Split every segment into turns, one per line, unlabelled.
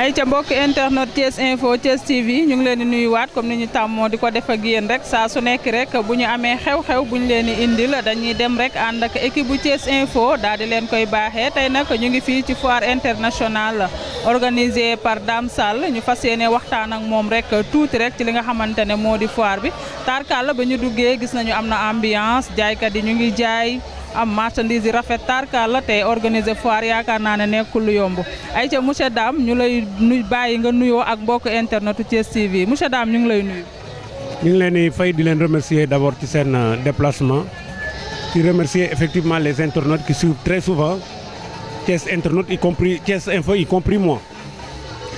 ay ca mbokk internet Thiès Info Thiès TV ñu ngi leen di nuyuwaat comme ni ñu tàmmoo di ko def ak yéen rek saa su nekk rek bu ñu amee xew-xew bu ñu leen di indil dañuy dem rek ànd ak équipe bu Thiès Info daal di leen koy baaxee tey nag ñu ngi fii ci foire internationale organisée par Dame Sall ñu fas yéene waxtaan ak moom rek tuuti rek ci li nga xamante ne moo di foire bi tarkal ba ñu duggee gis nañu am na ambiance jaaykat yi ñu ngi jaay. am marchandise rafet rafet tarkaal la tey organiser foire yaakaar naa ne nekkul lu yomb ayca monsieur Dame ñu lay nuy bàyyi nga nuyoo ak mbokk internetu Thiès TV monsieur Dame ñu ngi lay nuyu.
ñu ngi leen di fay di leen remercier d' abord ci seen euh, déplacement ci remercier effectivement les internautes qui suivent très souvent Thiès internautes y compris Thiès info y compris moi.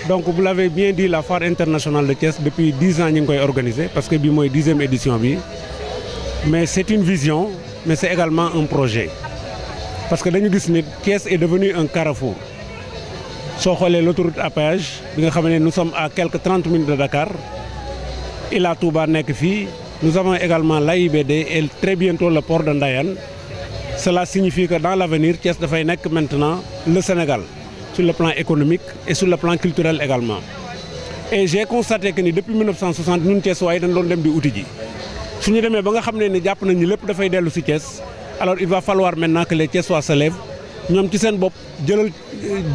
donc bu l'avez bien dit la foire internationale de Thiès depuis dix ñu ngi koy organiser parce que bi mooy dixième édition mais c' une vision. mais c'est également un projet parce que dañu gis ni Thiès est devenu un carrefour soo xoolee l'autoroute à péage bi nga xam ne nu som à quelques 30 minutes de Dakar Ila Touba nekk fii nous avons également l'AIBD et très bientôt le port de Ndayane cela signifie que dans l'avenir Thiès dafay nekk maintenant le Sénégal sur le plan économique et sur le plan culturel également et j'ai constaté que ni depuis 1960 ñun Thiès waaye dañ doon dem di uti ji su ñu demee ba nga xam ne ni jàpp nañu lépp dafay dellu si Thiès alors il va falloir maintenant que les ñoom ci seen bopp jëlal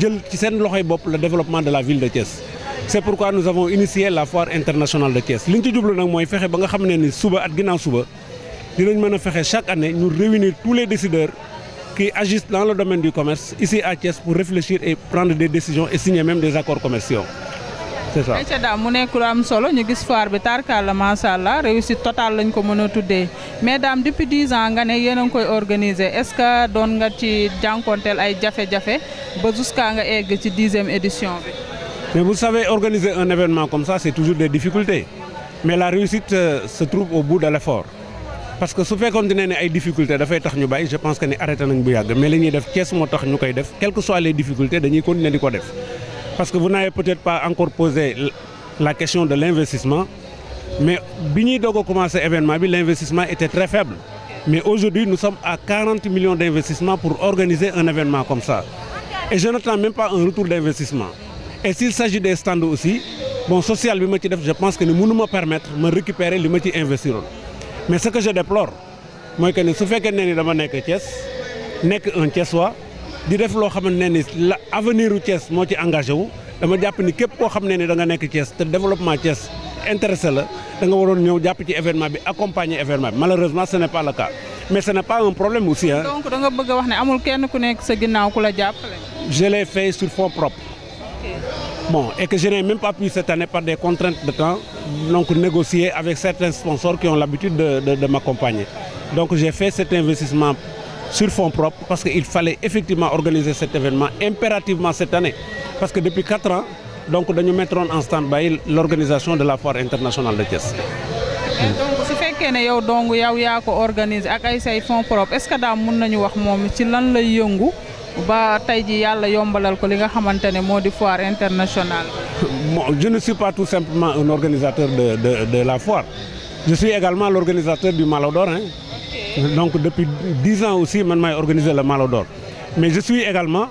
jël ci seen loxoy bopp le développement de la ville de Thiès. c'est pourquoi nous avons initié la foire internationale de Thiès li ci jublu nag mooy fexe ba nga xam ne ni suba at ginnaaw suba dinañ mën a fexe chaque année ñu réunir tous les décideurs qui agissent dans le domaine du commerce ici à Thiès pour réfléchir et prendre des c'est ça Aïcha
Dame mu nekk am solo ñu gis foire bi tarkalla macha allah réussite totale lañ ko mën a tuddee mais Dame depuis dix ans nga ne yéen ngi koy organiser est-ce que doon nga ci jànkonteel ay jafe-jafe ba jusqu'à nga egg ci dixième édition bi.
mais vous savez organiser un événement comme ça c'est toujours des difficultés mais la réussite euh, se trouve au bout de l'effort parce que su fekkoon dina ne ay difficultés dafay tax ñu bàyyi je pense que ni arrêté nañ bu yàgg mais li def kees moo tax ñu di ko def. parce que vous n'avez peut-être pas encore posé la question de l'investissement. Mais Binidogo commencé l'événement, l'investissement était très faible. Mais aujourd'hui, nous sommes à 40 millions a pour organiser un événement comme ça. Et je n'attends même pas un retour d'investissement. Et s'il s'agit des stands aussi, bon, social, je pense que nous pouvons me permettre de récupérer les métiers investir. Mais ce que je déplore, c'est que nous faisons que nous sommes un Thiessois, di def loo xamante ne ni la avenir u moo ci engagé wu dama jàpp ni képp koo xam ne ni da nga nekk Thiès te développement Thiès intéressé la danga waroon ñëw jàpp ci événement bi accompagner événement bi malheureusement ce n'est pas le cas mais ce n'est pas un problème aussi hein. donc
da nga bëgg wax ne amul kenn ku nekk sa ginnaaw ku la jàppale.
je l'ai fait sur fonds propres. Bon, et que je n'ai même par des contraintes de temps, donc négocier avec certains sponsors qui ont l'habitude de, de, de m'accompagner. investissement sur fonds propres parce il fallait effectivement organiser cet événement impérativement cette année. Parce que depuis 4 ans, donc, nous mettrons en stand-by l'organisation de la foire internationale de Thiès.
su fekkee ne yow dong yow yaa ko organiser ak ay say fonds propres est-ce que daa mun nañu wax moom ci lan la yëngu ba tey ji yàlla yombalal ko li nga xamante ne moo di foire internationale.
bon je ne suis pas tout simplement un organisateur de de de la foire je suis également l'organisateur donc depuis dix ans aussi man maay organiser le Malo d'or mais je suis également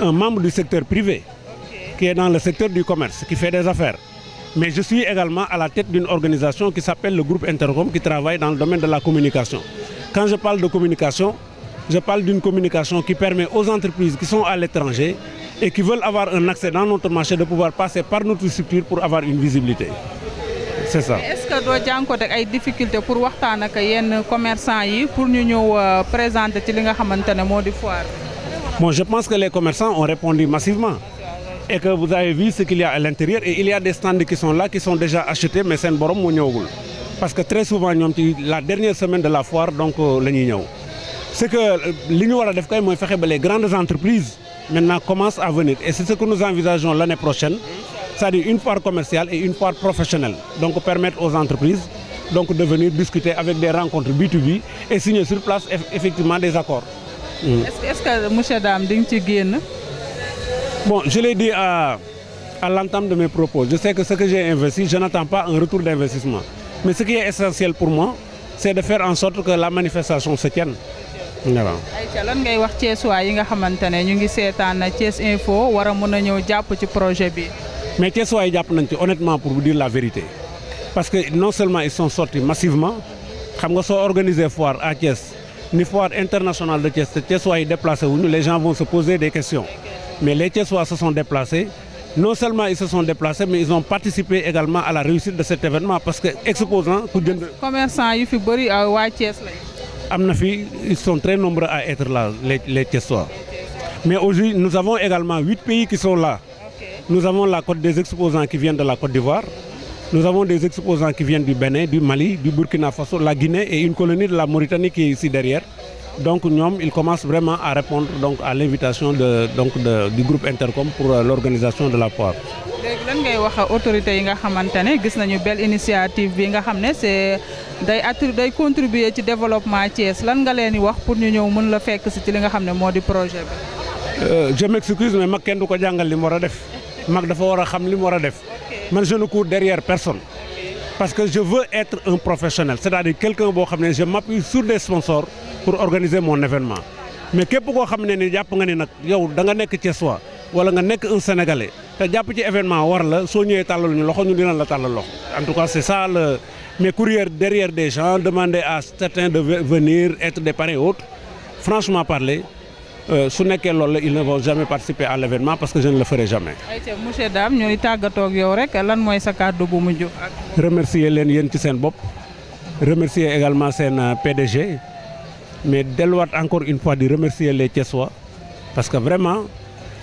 un membre du secteur privé qui est dans le secteur du commerce qui fait des affaires mais je suis également à la tête d'une organisation qui s'appelle le groupe Intercom qui travaille dans le domaine de la communication quand je parle de communication je parle d'une communication qui permet aux entreprises qui sont à l'étranger et qui veulent avoir un accès dans c'est ça
est-ce que doo jànkoonte ay difficulté pour waxtaan yenn commerçant yi pour ñu ñëw euh, présenter ci li nga xamante moo di foire
bon je pense que les commerçants ont répondu massivement et que vous avez vu ce qu'il y et il y a des stands qui sont là qui sont déjà achetés mais seen borom moo ñëwagul parce que très souvent ñoom ci la dernière semaine de la foire donc euh, la ñëw c'est que euh, li ñu war def kay mooy fexe ba les grandes entreprises maintenant commencent c'est-à-dire une part commerciale et une part professionnelle. Donc permettre aux entreprises donc, de venir avec des rencontres B2B et signer sur place effectivement des accords.
Mm. Est-ce que M. Dame,
Bon, je l'ai dit de mes propos. Je sais que ce que investi, je n'attends pas un d'investissement. Mais ce qui est essentiel pour c'est de faire en sorte que la manifestation se tienne.
waaw ngay wax Thiès waa yi nga xamante ñu ngi a mën
mais Thiessois jàpp nañ ci honnêtement pour vous la vérité parce que non seulement ils sont sortis massivement xam nga soo organiser foire à Thiès ni foire internationale de Thiès te Thiessois yi déplacé wuñu les gens vont se poser des questions mais les Thiessois se sont déplacés non seulement ils se sont déplacés mais ils ont participé également à la réussite de cet événement parce que exposant ku jënd.
commerçant yu fi bëri euh, waa Thiès lañ.
am na fi ils sont à être là les les Thiessois mais aujourd'hui nous avons également Nous avons la côte des exposants qui viennent de la Côte d'Ivoire. Nous avons des exposants qui viennent du Bénin, du Mali, du Burkina Faso, la Guinée et une colonie de la Mauritanie qui est ici derrière. Donc ñoom ils commencent vraiment à répondre donc à l'invitation de donc de, du groupe Intercom pour euh, l'organisation de la foire.
léegi lan ngay wax autorités yi nga xamante ne gis nañu belle initiative bi nga xam ne c'est day attri day contribuer ci développement Thiès lan nga leen di wax pour ñu ñëw mën la fekk si li nga xam ne moo di projet bi.
Euh, je m'excuse kenn du ko jàngal war a def. mag dafa war a xam li mu war a def man je ne cours derrière personne parce que je veux être un professionnel c'est-à-dire quelqu'un boo xam ne je m'appuie sur des sponsors pour organiser mon événement mais képp koo xam ne ni jàpp nga ni nag yow danga nekk nekk Thiessois wala nga nekk un Sénégalais te jàpp ci événement war la soo ñëwee tàllal ñu loxo ñu dina la tàllal loxo en tout cas c'est ça le mais courir derrière des gens demander à certains de venir être des parrains et autres franchement Euh, su nekkee loolu la ils ne vont jamais participer à l'événement parce que je ne le jamais.
ayca monsieur Dame ñooy tàggatoo ak yow rek lan mooy sa kàddu bu mujj.
remercier leen yéen ci seen bopp remercier également seen euh, PDG mais delluwaat encore une fois di remercier les Thiessois parce que vraiment.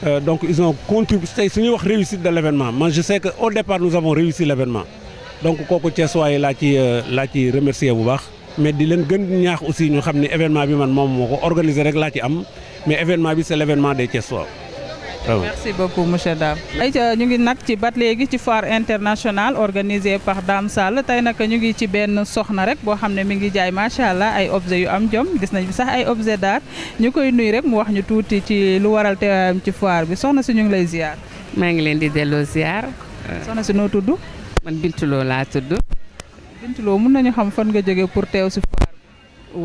Euh, donc ils ont contribué su ñuy wax réussite de l'événement man je sais que au départ nous avons réussi l'événement donc kooku Thiessois yi laa ci euh, laa ci remercier bu baax mais di leen gën ñaax aussi ñu xam ne événement bi man moom moo ko organiser rek laa ci am mais événement bi c'est l'événement des Thiessois waaw. Ah
merci beaucoup monsieur Dame. ayca ñu ngi nag ci bat léegi ci foire internationale organisée par Dame Sall tey nag ñu ngi ci benn soxna rek boo xam ne mi ngi jaay macha allah ay objet yu am jom gis nañ fi sax ay objet d'art ñu koy nuy rek mu wax ñu tuuti ci lu waral teewaayam ci foire bi soxna si ñu ngi lay ziar. maa ngi leen di delloo ziar. soxna si noo tudd. man Bintu Lo laa tudd. Bintou Lo mën nañu xam fan nga jógee pour teew si foire bi.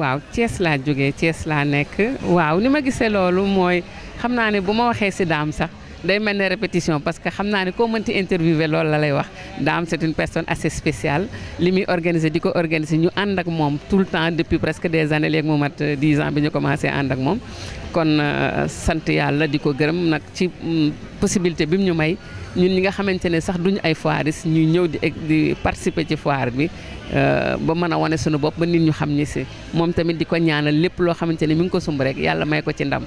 waaw cees laa jóge cees laa nekk waaw ni ma gisee loolu mooy xam naa ne bu ma waxee si daam sax. day mel ne répétition parce que xam naa ne koo mënti interviewé loolu la lay wax Dame am une personne assez spéciale li muy organiser di ko organiser ñu ànd ak moom tout le temps depuis presque des années léegi mu mat 10 euh, ans bi ñu commencé ànd ak moom kon euh, sant yàlla di ko gërëm nag ci mm, possibilité bi mu ñu may ñun ñi nga xamante ne sax duñu ay foires ñuy ñëw di di participer ci foire bi euh, ba mën a wane suñu bopp ba nit ñu xam ni si moom tamit di ko ñaanal lépp loo xamante ne mi ngi ko sumb rek yàlla may ko ci ndam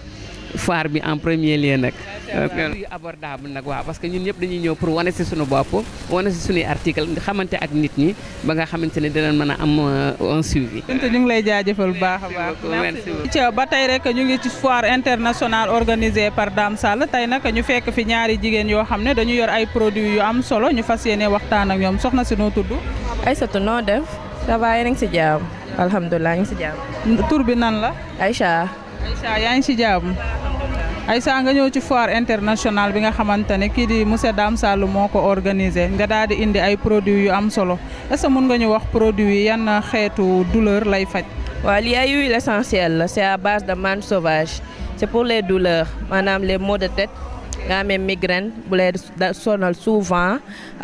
foire bi en premier lieu nag. Euh, parce que ñun ñëpp dañuy ñëw pour wane si suñu bopp wane si suñuy article nga xamante ak nit ñi ba nga xamante ne dinañ mën a am euh, un suivi.
ñu ngi lay jaajëfal bu baax a baax. merci beaucoup ba tey rek ñu ngi foire internationale organisée par Dame Sall tey nag ñu fekk fi ñaari jigéen yoo xam ne dañu yor ay produit yu am solo ñu fas yéene waxtaan ak ñoom soxna si noo tudd. Aïssatou noo def. ça va yéen a ngi si ngi si jàmm. tur bi nan Aïssa yaa ngi ci jàmm Aïssa nga ñëw ci foire internationale bi nga xamante ne kii di monsieur Dame Sall moo ko organisé nga daal di indi ay produits yu am solo
est ce que mun nga ñu wax produit yi yan xeetu douleur lay faj. waaw lii ay huile essentielle la est à base de manne sauvage c' pour les douleurs maanaam les maux de tête. nga amee migraine bu lay sonal souvent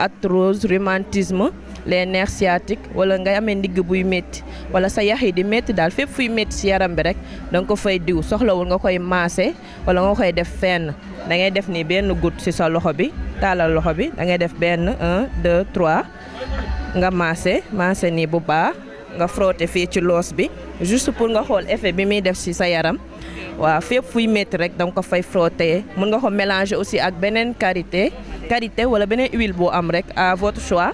arthrose rhumatisme. les nerfs sciatiques wala nga amee ndigg buy métti wala sa yax di métti daal fépp fuy métti si yaram bi rek danga ko fay diw soxlawul nga koy maase wala nga koy def fenn da def ni benn goutte si sa loxo bi taalal loxo bi da ngay def benn un nga maase maase nii bu baax nga frotter fii ci loos bi juste pour nga xool effet bi muy def si sa yaram waa fépp fuy métti rek danga ko fay frotter mun nga ko mélanger aussi ak beneen quarité quarité wala beneen huile boo am rek à votre choix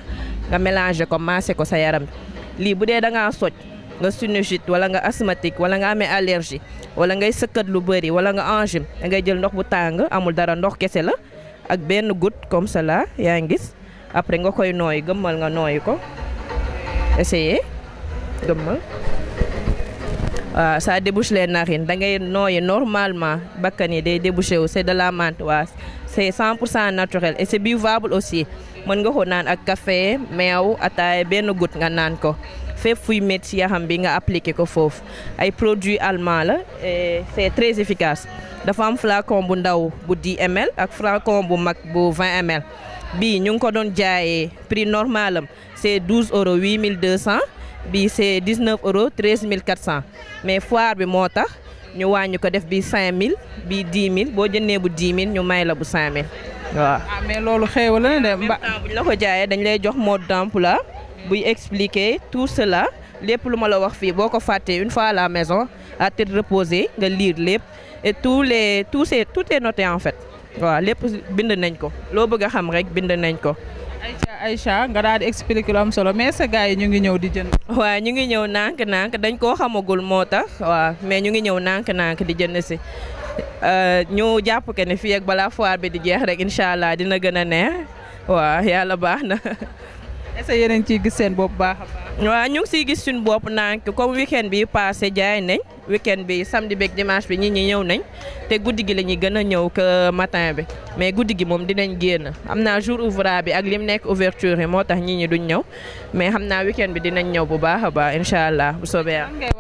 nga mélangé ko maase ko sa yaram lii bu dee da ngaa soj nga sinusite wala nga asthmatique wala nga amee allergie wala ngay sëkkat lu bëri wala nga angine da ngay jël ndox bu tàng amul dara ndox kese la ak benn goutte comme cela yaa ngi gis après nga koy nooy gëmmal nga nooy ko essayer gëmmal waaw euh, ça débouche les narines da ngay nooyi normalement bakkan yi day débouché wu c' de la menthe waa c' est pour cent naturel et c' est aussi mën nga ko naan ak café meew ataaya benn goutte nga naan ko fépp fuy métti yaxam bi nga appliqué ko foofu ay produits allemand la et c' est très efficace dafa am flacon bu ndaw bu 10 ml ak flacon bu mag bu 20 ml bii ñu ngi ko doon jaayee prix normal am c' est 12 euros 8200. bi c'est 19 euros 13 cent mais foire bi moo tax ñu wàññi ko def bi 5000 bi 10 000 boo jëndee bu 10 000 ñu may la bu 5000 waaw. Ah, mais loolu xew la ne de. mba ñu la ko jaaye dañ lay jox mode d'emploi buy expliquer tout cela lépp lu ma la wax fii boo ko fàttee une fois la maison à te reposée nga liir lépp tout les tous ces tout est noté en fait waaw lépp bind nañ ko loo bëgg a xam rek bind nañ ko. Aïcha Aïcha nga daal di expliquer lu am solo
mais sa gars yi ñu ngi ñëw di jënd.
waa ñu ngi ñëw nànk-nànk dañ koo xamagul moo tax waaw mais ñu ngi ñëw nànk-nànk di jënd si. Euh, ñu jàpp ke ne fii ak balaa foire bi di jeex rek incha allah dina gën a neex waa yàlla baax na. est-ce que ciy gis seen bopp baax a baax. waaw ñu ngi siy gis suñu bopp nànk comme weekend bi passé jaay nañ. weekend bi samedi beeg dimanche bi nit ñi ñëw nañ te guddi gi la ñuy gën a ñëw que matin bi mais guddi gi moom dinañ génn xam naa jour ouvrable bi ak li mu nekk ouverture yi moo tax nit ñi duñ ñëw mais xam naa weekend bi dinañ ñëw bu baax a baax incha allah bu soobee am. ngay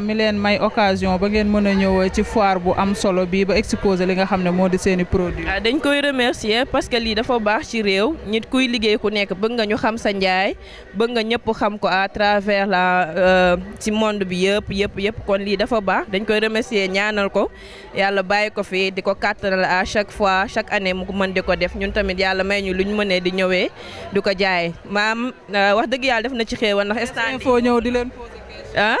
mi leen may occasion
ba ngeen mën a ñëw ci foire bu am solo bi ba exposer li nga xam ne moo di seeni produit
ah, dañ koy remercier parce que lii dafa baax ci réew nit kuy liggéey ku nekk bëgg nga ñu xam sa njaay bëgg nga ñëpp xam ko à travers la euh, ci monde bi yëpp yëpp yëpp kon lii dafa dafa baax dañ koy remercier ñaanal ko yàlla bàyyi ko fi di ko kàttanal à chaque fois chaque année mu mën di ko def ñun tamit yàlla may ñu lu ñu mënee di ñëwee di ko jaay maam euh, wax dëgg yàlla def na ci xéewal ndax instant info ñëw di leen ah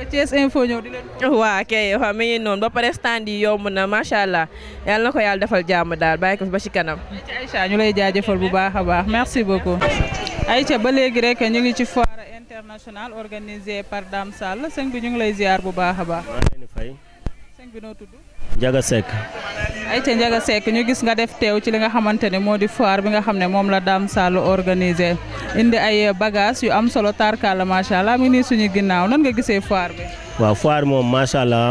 Thiès Info ñëw di leen waaw kay waaw mi ngi noonu ba pare stand yi yomb na macha allah yal na ko yàlla defal jàmm daal bàyyi ko ba ci kanam. Aïcha ñu lay jaajëfal bu baax a baax merci beaucoup. Aïcha ba léegi rek ñu
ngi ci international organisé par Dame Sall sëñ bi ñu ngi bu baax a baax. maa ngi leen di noo tudd. Ndiaga Seck. ayca Ndiaga Seck gis nga def teew ci li nga xamante ne moo di foire bi nga xam ne moom la Dame Sall organisé indi ay bagaas yu am solo tarkalla macha allah mi nii suñu ginnaaw nan nga gisee foire bi.
waaw foire moom macha allah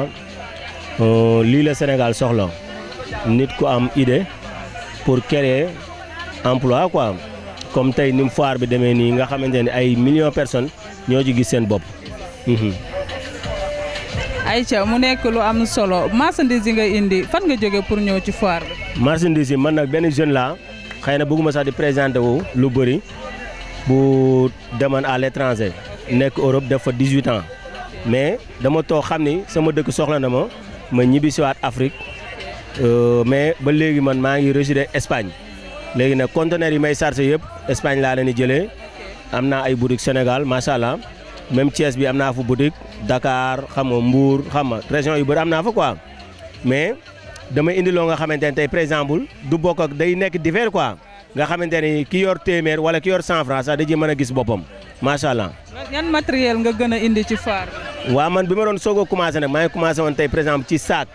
euh, lii la Sénégal soxla nit ku am idée pour créer emploi quoi. comme tey ni mu foire bi demee nii nga xamante ne ay millions personnes ñoo ci gis seen bopp. Mhm.
Aïcha mu nekk lu am solo marchandise yi nga indi fan nga jóge pour ñëw ci foire bi. yi man nag
benn jeune laa xëy na bëgguma sax di présenté wu lu bëri bu demoon à l' étranger nekk Europe def fa 18 ans mais dama toog xam ni sama dëkk soxla na ma ma ñibbisiwaat Afrique euh, mais ba léegi man maa ngi résidé Espagne. léegi nag conteneur yi may chargé yëpp Espagne laa leen di jëlee am naa ay boutique Sénégal macha allah même Thiès bi am naa fa boutique dakaar xam nga xam nga région yu bëri am naa fa quoi mais dama indiloo loo nga xamante ne tey par exemple du bokk ak day nekk divers quoi nga xamante ne ki yor téeméer wala ki yor cent francs sax da ciy mën a gis boppam macha allah.
yan matériel nga gën a indi ci faar.
waa man bi ma roon soog a commencé nag maa ngi commencé woon tey par exemple ci saak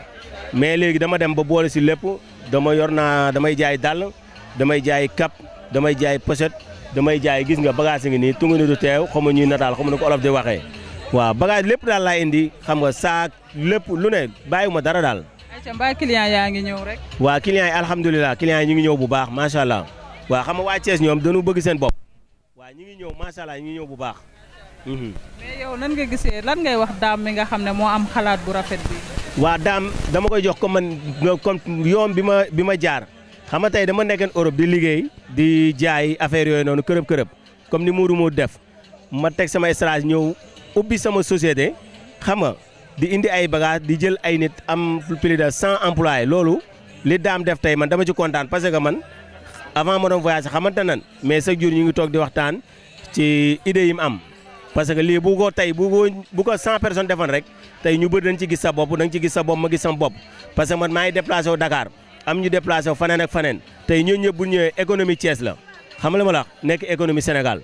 mais léegi dama dem ba boole si lépp dama yor naa damay jaay dàll. damay jaay cap damay jaay pochette damay jaay gis nga bagage yi ngi nii tungu ni du teew xamu ñuy nataal xamu na ko olof di waxee waaw bagage lépp daal laa indi xam nga saak lépp lu ne bàyyi ma dara daal.
ayca mbaa client yaa ngi ñëw rek.
waa client yi alhamdulilah client yi ñu ngi ñëw bu baax macha allah waa xam nga waa Thiès ñoom dañu bëgg seen bopp.
waa ñu ngi ñëw macha allah ñu ngi
ñëw bu baax. Mhm.
mais yow nan nga gisee lan ngay wax daam mi nga xam ne moo am xalaat bu rafet
waa daam dama koy jox comme man comme yoon bi ma bi ma jaar. xam nga tey dama nekkoon Europe di liggéey di jaay affaire yooyu noonu kërëb kërëb comme ni Mourou moo def ma teg sama stage ñëw ubbi sama société xam nga di indi ay bagages di jël ay nit am plus de cent employés loolu li daam def tey man dama ci kontaan parce que man avant ma doon xamante nan mais sa jour ñu ngi toog di waxtaan ci idée yi mu am. parce que lii bu ko tey bu ko bu ko cent personnes defoon rek tey ñu bëri dañ ci gis sa bopp dañ ci gis sa bopp ma gis sama bopp parce que man maa ngi déplacé wu Dakar. am ñu déplacé wu faneen ak faneen tey ñooñu ñëpp bu ñëwee économie Thiès la xam nga ma la nekk économie Sénégal.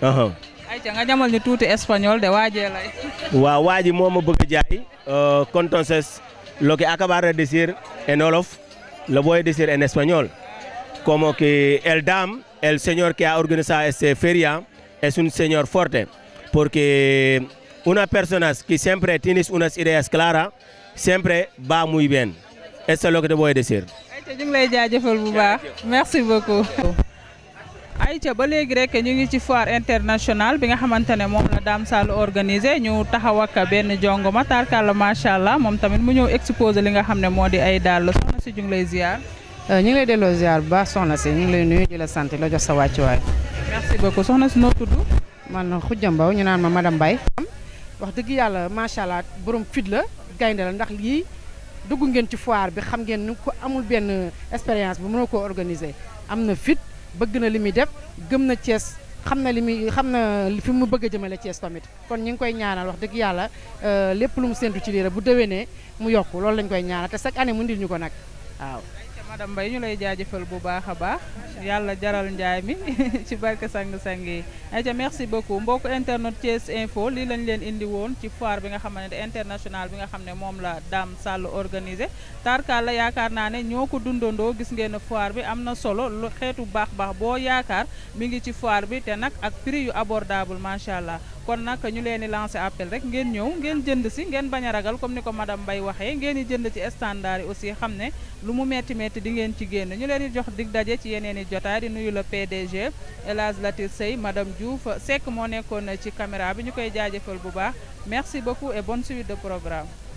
nga ñamal ni tuuti espagnol de waajee
waaw waa ji moo ma bëgg a jaay. Euh, entonces lo que acabas de decir en wolof lo voy a decir en español como que el dam el señor que ha organizado esta feria es un señor fuerte porque una persona que siempre tiene unas ideas claras siempre va muy bien. et sa localité booy dessert.
ayca ñu ngi lay jaajëfal bu baax merci beaucoup. ayca ba léegi rek ñu ngi ci foire internationale bi nga xamante ne moom la Dame Sall organisé ñu taxaw ak benn jongoma tarkalla macha allah moom tamit mu ñëw exposé li nga xam ne moo di ay dàll soxna si ñu ngi lay ziar. Euh, ñu ngi lay delloo ziar bu baax soxna si ñu ngi lay nuyu di la sant la jox sa wàccuwaay. merci beaucoup soxna si noo tudd. man Khoudia Mbow ñu naan ma madame Mbaye. wax dëgg la gaynde la ndax dugg ngeen ci foir bi xam ngeen ni ko amul benn expérience bu a koo organiser am na fit bëgg na li muy def gëm na cees xam na li muy xam na fi mu bëgg a jëmale Thiès tamit kon ñu ngi koy ñaanal wax dëgg yàlla euh, lépp lu mu séntu ci lii bu dewee déwénee
mu yokk loolu lañ koy ñaanal te chaque année mu ndil ñu ko nag
waaw madame yi ñu lay jaajëfal bu baax a baax yàlla jaral njaay mi ci barke sang-sang yi aca merci beaucoup mbokk internet Thiès Info lii lañ leen indi woon ci foire bi nga xam ne international bi nga xam ne moom la daam Sall organisé tarkaal la yaakaar naa ne ñoo ko dundandoo gis ngeen foire bi am na solo lu xeetu baax baax boo yaakaar mu ngi ci foire bi te nag ak prix yu abordable macha allah kon nag ñu leen di lancé appel rek ngeen ñëw ngeen jënd si ngeen baña ragal comme ni ko madam Mbaye waxee ngeen di jënd ci standard yi aussi xam ne lu mu metti metti di ngeen ci génn ñu leen di jox dig daje ci yeneen i jotaay di nuyu le PDG El Hadj Latir Sey madame Diouf Seck moo nekkoon na ci caméra bi ñu koy jaajëfal bu baax merci beaucoup e bon suite de programme